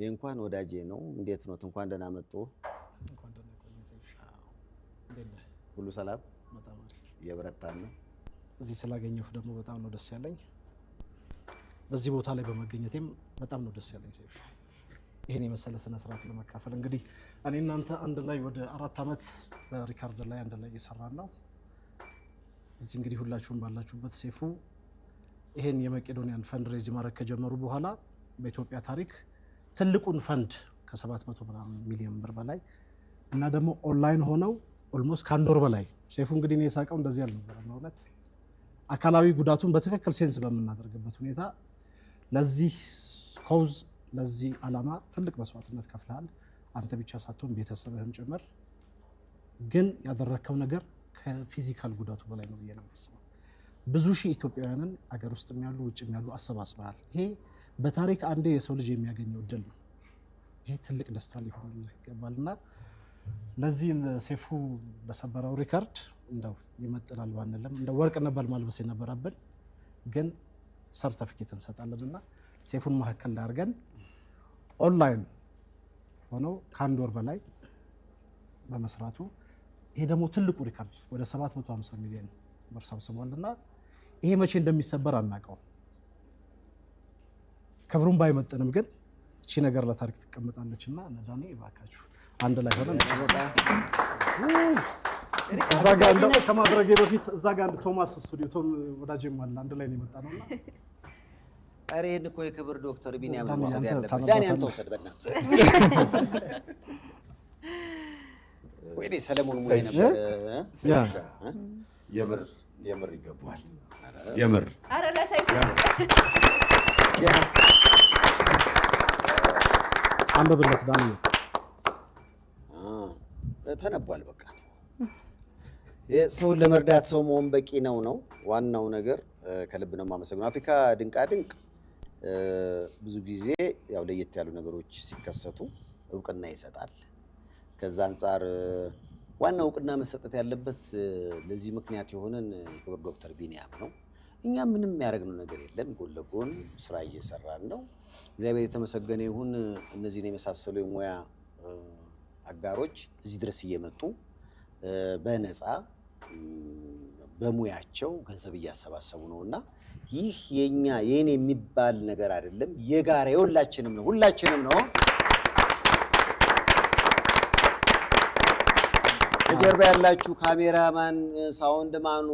ይህ እንኳን ወዳጄ ነው። እንዴት ነው? እንኳን ደህና መጡ። ሁሉ ሰላም የበረታ ነው። እዚህ ስላገኘሁ ደግሞ በጣም ነው ደስ ያለኝ። በዚህ ቦታ ላይ በመገኘቴም በጣም ነው ደስ ያለኝ። ሰይፍሻ ይህን የመሰለ ስነ ስርዓት ለመካፈል እንግዲህ እኔ እናንተ አንድ ላይ ወደ አራት ዓመት በሪካርድ ላይ አንድ ላይ እየሰራን ነው። እዚህ እንግዲህ ሁላችሁም ባላችሁበት ሴፉ ይህን የመቄዶንያን ፈንድሬዝ ማድረግ ከጀመሩ በኋላ በኢትዮጵያ ታሪክ ትልቁን ፈንድ ከ700 ሚሊዮን ብር በላይ እና ደግሞ ኦንላይን ሆነው ኦልሞስት ከአንድ ወር በላይ ሴፉ እንግዲህ ነው የሳቀው። እንደዚህ አልነበረም በእውነት አካላዊ ጉዳቱን በትክክል ሴንስ በምናደርግበት ሁኔታ ለዚህ ኮዝ ለዚህ ዓላማ ትልቅ መስዋዕትነት ከፍለሃል። አንተ ብቻ ሳትሆን ቤተሰብህም ጭምር። ግን ያደረግከው ነገር ከፊዚካል ጉዳቱ በላይ ነው ብዬ ነው የማስበው። ብዙ ሺህ ኢትዮጵያውያንን አገር ውስጥ ያሉ ውጭ ያሉ አሰባስበሃል። ይሄ በታሪክ አንዴ የሰው ልጅ የሚያገኘው እድል ነው። ይሄ ትልቅ ደስታ ሊሆን ይገባል እና ለዚህ ሴፉ በሰበረው ሪከርድ እንደው ይመጥናል ባንልም እንደ ወርቅ ነበር ማልበስ የነበረብን ግን ሰርተፊኬት እንሰጣለን እና ሴፉን መካከል ላይ አድርገን ኦንላይን ሆነው ከአንድ ወር በላይ በመስራቱ ይሄ ደግሞ ትልቁ ሪከርድ ወደ 750 ሚሊዮን ብር ሰብስቧል እና ይሄ መቼ እንደሚሰበር አናውቀውም። ክብሩን ባይመጥንም ግን እቺ ነገር ለታሪክ ትቀመጣለች እና እነ ዳኔ እባካችሁ አንድ ላይ ሆነ እዛ ጋ እንደው ከማድረጌ በፊት እዛ ጋ አንድ ቶማስ ስቱዲዮ ቶም ወዳጅም አለ አንድ ላይ ነው የመጣ ነው እና ኧረ እኮ የክብር ዶክተር ቢኒያም ያለበት አንተ በእናትህ ወይኔ ሰለሞን ነበር የምር የምር ይገባል የምር አንብብለት ዳኒ ተነቧል። በቃ ሰውን ለመርዳት ሰው መሆን በቂ ነው ነው ዋናው ነገር። ከልብ ነው የማመሰግነው። አፍሪካ ድንቃ ድንቅ ብዙ ጊዜ ያው ለየት ያሉ ነገሮች ሲከሰቱ እውቅና ይሰጣል። ከዛ አንጻር ዋና እውቅና መሰጠት ያለበት ለዚህ ምክንያት የሆነን የክብር ዶክተር ቢኒያም ነው። እኛ ምንም ያደረግነው ነገር የለም። ጎን ለጎን ስራ እየሰራን ነው። እግዚአብሔር የተመሰገነ ይሁን። እነዚህን የመሳሰሉ የሙያ አጋሮች እዚህ ድረስ እየመጡ በነፃ በሙያቸው ገንዘብ እያሰባሰቡ ነው እና ይህ የኛ የኔ የሚባል ነገር አይደለም፣ የጋራ የሁላችንም ነው፣ ሁላችንም ነው። ከጀርባ ያላችሁ ካሜራማን፣ ሳውንድ ማኑ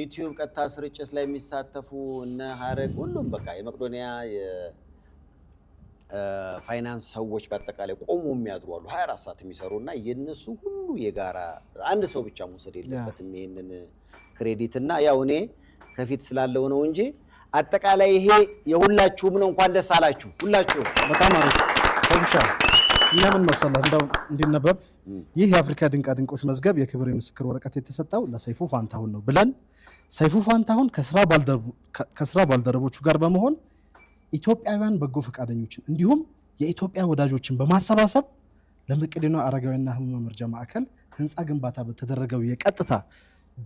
ዩቲዩብ ቀጥታ ስርጭት ላይ የሚሳተፉ እነ ሀረግ ሁሉም በቃ የመቅዶኒያ ፋይናንስ ሰዎች በአጠቃላይ ቆሙ የሚያድሩ አሉ፣ 24 ሰዓት የሚሰሩ እና የነሱ ሁሉ የጋራ አንድ ሰው ብቻ መውሰድ የለበትም ይህንን ክሬዲት እና ያው እኔ ከፊት ስላለው ነው እንጂ አጠቃላይ ይሄ የሁላችሁም ነው። እንኳን ደስ አላችሁ ሁላችሁ። በጣም አሪፍ ሰብሻ እኛ ምን መሰለህ እንደው እንዲነበብ ይህ የአፍሪካ ድንቃ ድንቆች መዝገብ የክብር የምስክር ወረቀት የተሰጠው ለሰይፉ ፋንታሁን ነው ብለን ሰይፉ ፋንታሁን ከስራ ባልደረቦቹ ጋር በመሆን ኢትዮጵያውያን በጎ ፈቃደኞችን እንዲሁም የኢትዮጵያ ወዳጆችን በማሰባሰብ ለመቄዶንያ አረጋዊና ሕሙማን መርጃ ማዕከል ህንፃ ግንባታ በተደረገው የቀጥታ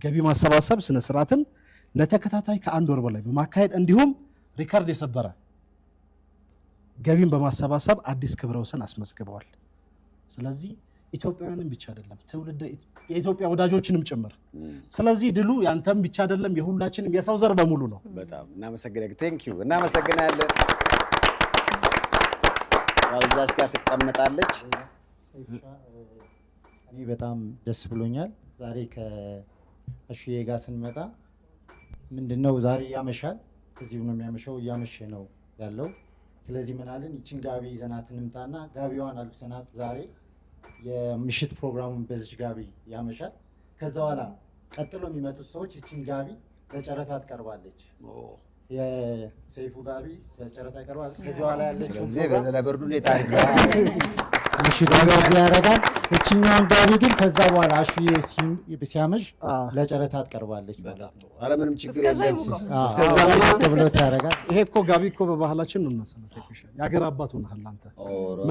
ገቢ ማሰባሰብ ስነ ስርዓትን ለተከታታይ ከአንድ ወር በላይ በማካሄድ እንዲሁም ሪካርድ የሰበረ ገቢን በማሰባሰብ አዲስ ክብረ ወሰን አስመዝግበዋል። ስለዚህ ኢትዮጵያውያንም ብቻ አይደለም ትውልደ የኢትዮጵያ ወዳጆችንም ጭምር። ስለዚህ ድሉ ያንተም ብቻ አይደለም የሁላችንም የሰው ዘር በሙሉ ነው። በጣም እናመሰግናለን። ቴንክ ዩ እናመሰግናለን። እዛች ጋር ትቀመጣለች። እኔ በጣም ደስ ብሎኛል። ዛሬ ከአሽዬ ጋር ስንመጣ ምንድነው ዛሬ ያመሻል፣ እዚሁ ነው የሚያመሸው፣ እያመሸ ነው ያለው። ስለዚህ ምናልን ይችን ጋቢ ይዘናት እንምጣና ጋቢዋን አልብሰናት ዛሬ የምሽት ፕሮግራሙን በዚች ጋቢ ያመሻል። ከዛ በኋላ ቀጥሎ የሚመጡት ሰዎች እችን ጋቢ በጨረታ ትቀርባለች። የሰይፉ ጋቢ በጨረታ ይቀርባል። ከዚህ በኋላ ያለችው በርዱ ሁኔታ ምሽት ያዝ ያደርጋል። እችኛውን ዳቤ ግን ከዛ በኋላ አሹ ሲያመሽ ለጨረታ ትቀርባለች ምንም ችግር ብሎት ያደርጋል። ይሄ እኮ ጋቢ እኮ በባህላችን ነው መሰለ የአገር አባት ሆነሃል አንተ፣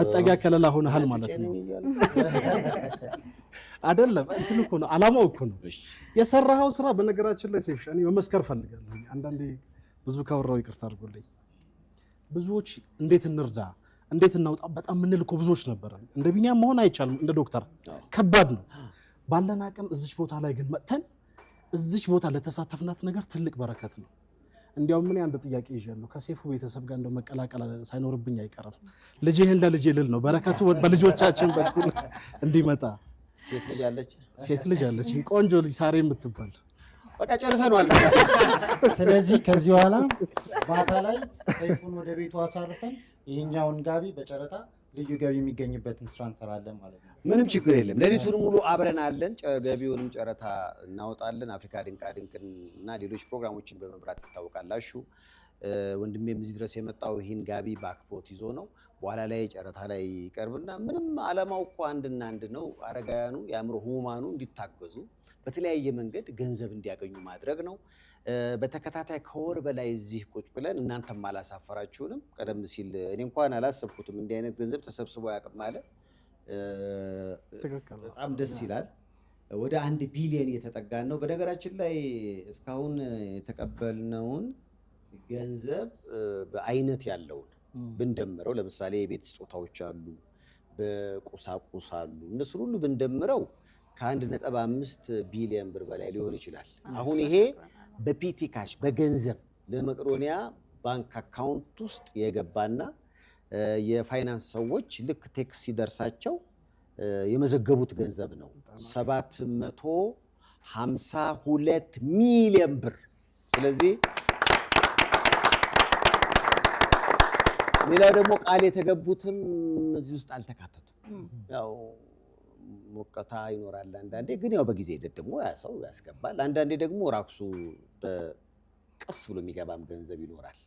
መጠጊያ ከለላ ሆነሃል ማለት ነው። አይደለም እንትን እኮ ነው አላማው እኮ ነው የሰራኸው ስራ። በነገራችን ላይ ሴፍሽ፣ እኔ መመስከር ፈልጋለሁ። አንዳንዴ ብዙ ካወራው ይቅርታ አድርጎልኝ ብዙዎች እንዴት እንርዳ እንዴት እናውጣ በጣም ምን ልኮ ብዙዎች ነበረ እንደ ቢኒያም መሆን አይቻልም፣ እንደ ዶክተር ከባድ ነው። ባለን አቅም እዚች ቦታ ላይ ግን መጥተን እዚች ቦታ ለተሳተፍናት ነገር ትልቅ በረከት ነው። እንዲያውም ምን አንድ ጥያቄ ይዣለሁ ከሴፉ ቤተሰብ ጋር እንደ መቀላቀል ሳይኖርብኝ አይቀርም። ልጅ እንደ ልጅ ልል ነው በረከቱ በልጆቻችን በኩል እንዲመጣ። ሴት ልጅ አለች፣ ቆንጆ ልጅ ሳሬ የምትባል በቃ ጨርሰናል። ስለዚህ ከዚህ በኋላ ማታ ላይ ሰይፉን ወደ ቤቱ አሳርፈን ይህኛውን ጋቢ በጨረታ ልዩ ገቢ የሚገኝበትን ስራ እንሰራለን ማለት ነው። ምንም ችግር የለም። ሌሊቱን ሙሉ አብረን አለን። ገቢውንም ጨረታ እናወጣለን። አፍሪካ ድንቃ ድንቅን እና ሌሎች ፕሮግራሞችን በመምራት ይታወቃላችሁ። ወንድሜም እዚህ ድረስ የመጣው ይህን ጋቢ በአክብሮት ይዞ ነው። በኋላ ላይ ጨረታ ላይ ይቀርብና ምንም ዓላማው እኮ አንድና አንድ ነው። አረጋውያኑ የአእምሮ ህሙማኑ እንዲታገዙ በተለያየ መንገድ ገንዘብ እንዲያገኙ ማድረግ ነው። በተከታታይ ከወር በላይ እዚህ ቁጭ ብለን እናንተም አላሳፈራችሁንም። ቀደም ሲል እኔ እንኳን አላሰብኩትም እንዲህ አይነት ገንዘብ ተሰብስቦ ያቅም አለ። በጣም ደስ ይላል። ወደ አንድ ቢሊየን እየተጠጋን ነው። በነገራችን ላይ እስካሁን የተቀበልነውን ገንዘብ በአይነት ያለውን ብንደምረው ለምሳሌ የቤት ስጦታዎች አሉ፣ በቁሳቁስ አሉ። እነሱን ሁሉ ብንደምረው ከአንድ ነጥብ አምስት ቢሊዮን ብር በላይ ሊሆን ይችላል። አሁን ይሄ በፒቲ ካሽ በገንዘብ ለመቄዶንያ ባንክ አካውንት ውስጥ የገባና የፋይናንስ ሰዎች ልክ ቴክስ ሲደርሳቸው የመዘገቡት ገንዘብ ነው። 752 ሚሊዮን ብር ስለዚህ ሌላው ደግሞ ቃል የተገቡትም እዚህ ውስጥ አልተካተቱም። ያው ሞቀታ ይኖራል አንዳንዴ፣ ግን ያው በጊዜ ሂደት ደግሞ ያ ሰው ያስገባል። አንዳንዴ ደግሞ ራሱ ቀስ ብሎ የሚገባም ገንዘብ ይኖራል።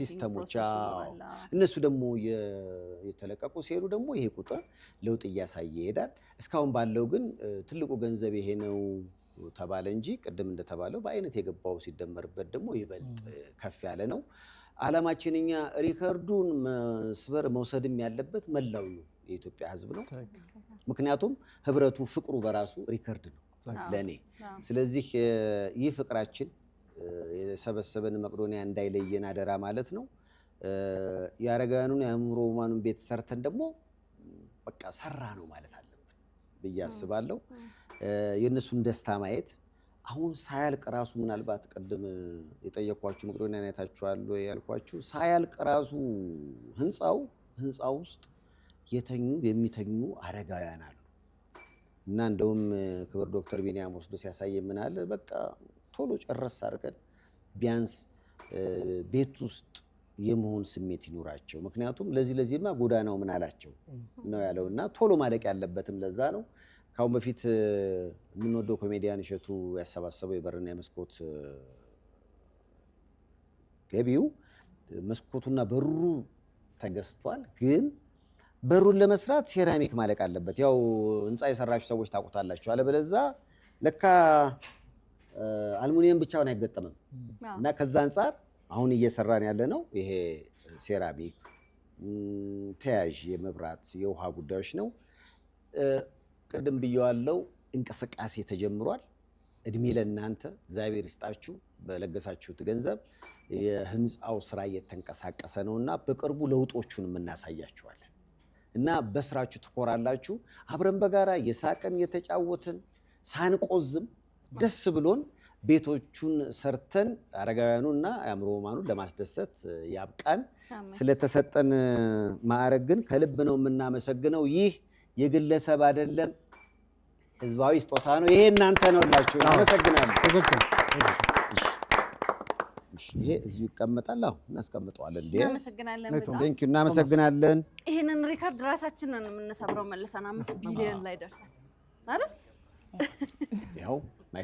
ሲስተሞች እነሱ ደግሞ የተለቀቁ ሲሄዱ ደግሞ ይሄ ቁጥር ለውጥ እያሳየ ይሄዳል። እስካሁን ባለው ግን ትልቁ ገንዘብ ይሄ ነው ተባለ እንጂ ቅድም እንደተባለው በአይነት የገባው ሲደመርበት ደግሞ ይበልጥ ከፍ ያለ ነው። አላማችን እኛ ሪከርዱን መስበር መውሰድም ያለበት መላው የኢትዮጵያ ህዝብ ነው። ምክንያቱም ህብረቱ ፍቅሩ በራሱ ሪከርድ ነው ለእኔ። ስለዚህ ይህ ፍቅራችን የሰበሰበን መቅዶኒያ እንዳይለየን አደራ ማለት ነው። የአረጋውያኑን የአእምሮ ህሙማኑን ቤት ሰርተን ደግሞ በቃ ሰራ ነው ማለት አለብን ብዬ አስባለሁ። የእነሱን ደስታ ማየት አሁን ሳያልቅ ራሱ ምናልባት ቅድም የጠየኳችሁ መቅዶኒያን አይታችኋል ያልኳችሁ ሳያልቅ ራሱ ህንፃው ህንፃ ውስጥ የተኙ የሚተኙ አረጋውያን አሉ እና እንደውም ክብር ዶክተር ቢኒያም ወስዶ ሲያሳይ ምናል በቃ ቶሎ ጨረስ አድርገን ቢያንስ ቤት ውስጥ የመሆን ስሜት ይኑራቸው። ምክንያቱም ለዚህ ለዚህማ ጎዳናው ምን አላቸው ነው ያለው እና ቶሎ ማለቅ ያለበትም ለዛ ነው። ከአሁን በፊት የምንወደው ኮሜዲያን እሸቱ ያሰባሰበው የበርና የመስኮት ገቢው መስኮቱና በሩ ተገዝቷል። ግን በሩን ለመስራት ሴራሚክ ማለቅ አለበት። ያው ህንፃ የሰራችሁ ሰዎች ታውቁታላችሁ። አለበለዛ ለካ አልሙኒየም ብቻውን አይገጠምም እና ከዛ አንጻር አሁን እየሰራን ያለ ነው ይሄ ሴራሚክ ተያዥ የመብራት የውሃ ጉዳዮች ነው። ቅድም ብየዋለው እንቅስቃሴ ተጀምሯል። እድሜ ለእናንተ እግዚአብሔር ይስጣችሁ። በለገሳችሁት ገንዘብ የህንፃው ስራ እየተንቀሳቀሰ ነው እና በቅርቡ ለውጦቹን እናሳያችኋለን እና በስራችሁ ትኮራላችሁ። አብረን በጋራ የሳቅን የተጫወትን ሳንቆዝም ደስ ብሎን ቤቶቹን ሰርተን አረጋውያኑና አእምሮ ህሙማኑን ለማስደሰት ያብቃን። ስለተሰጠን ማዕረግ ግን ከልብ ነው የምናመሰግነው። ይህ የግለሰብ አይደለም። ህዝባዊ ስጦታ ነው። ይሄ እናንተ ነው ላችሁ። አመሰግናለሁ። ይሄ እዚሁ ይቀመጣል። አሁን እናስቀምጠዋለን። እናመሰግናለን። ይህንን ሪካርድ ራሳችንን የምንሰብረው መልሰን አምስት ቢሊዮን ላይ ደርሰን አይደል ያው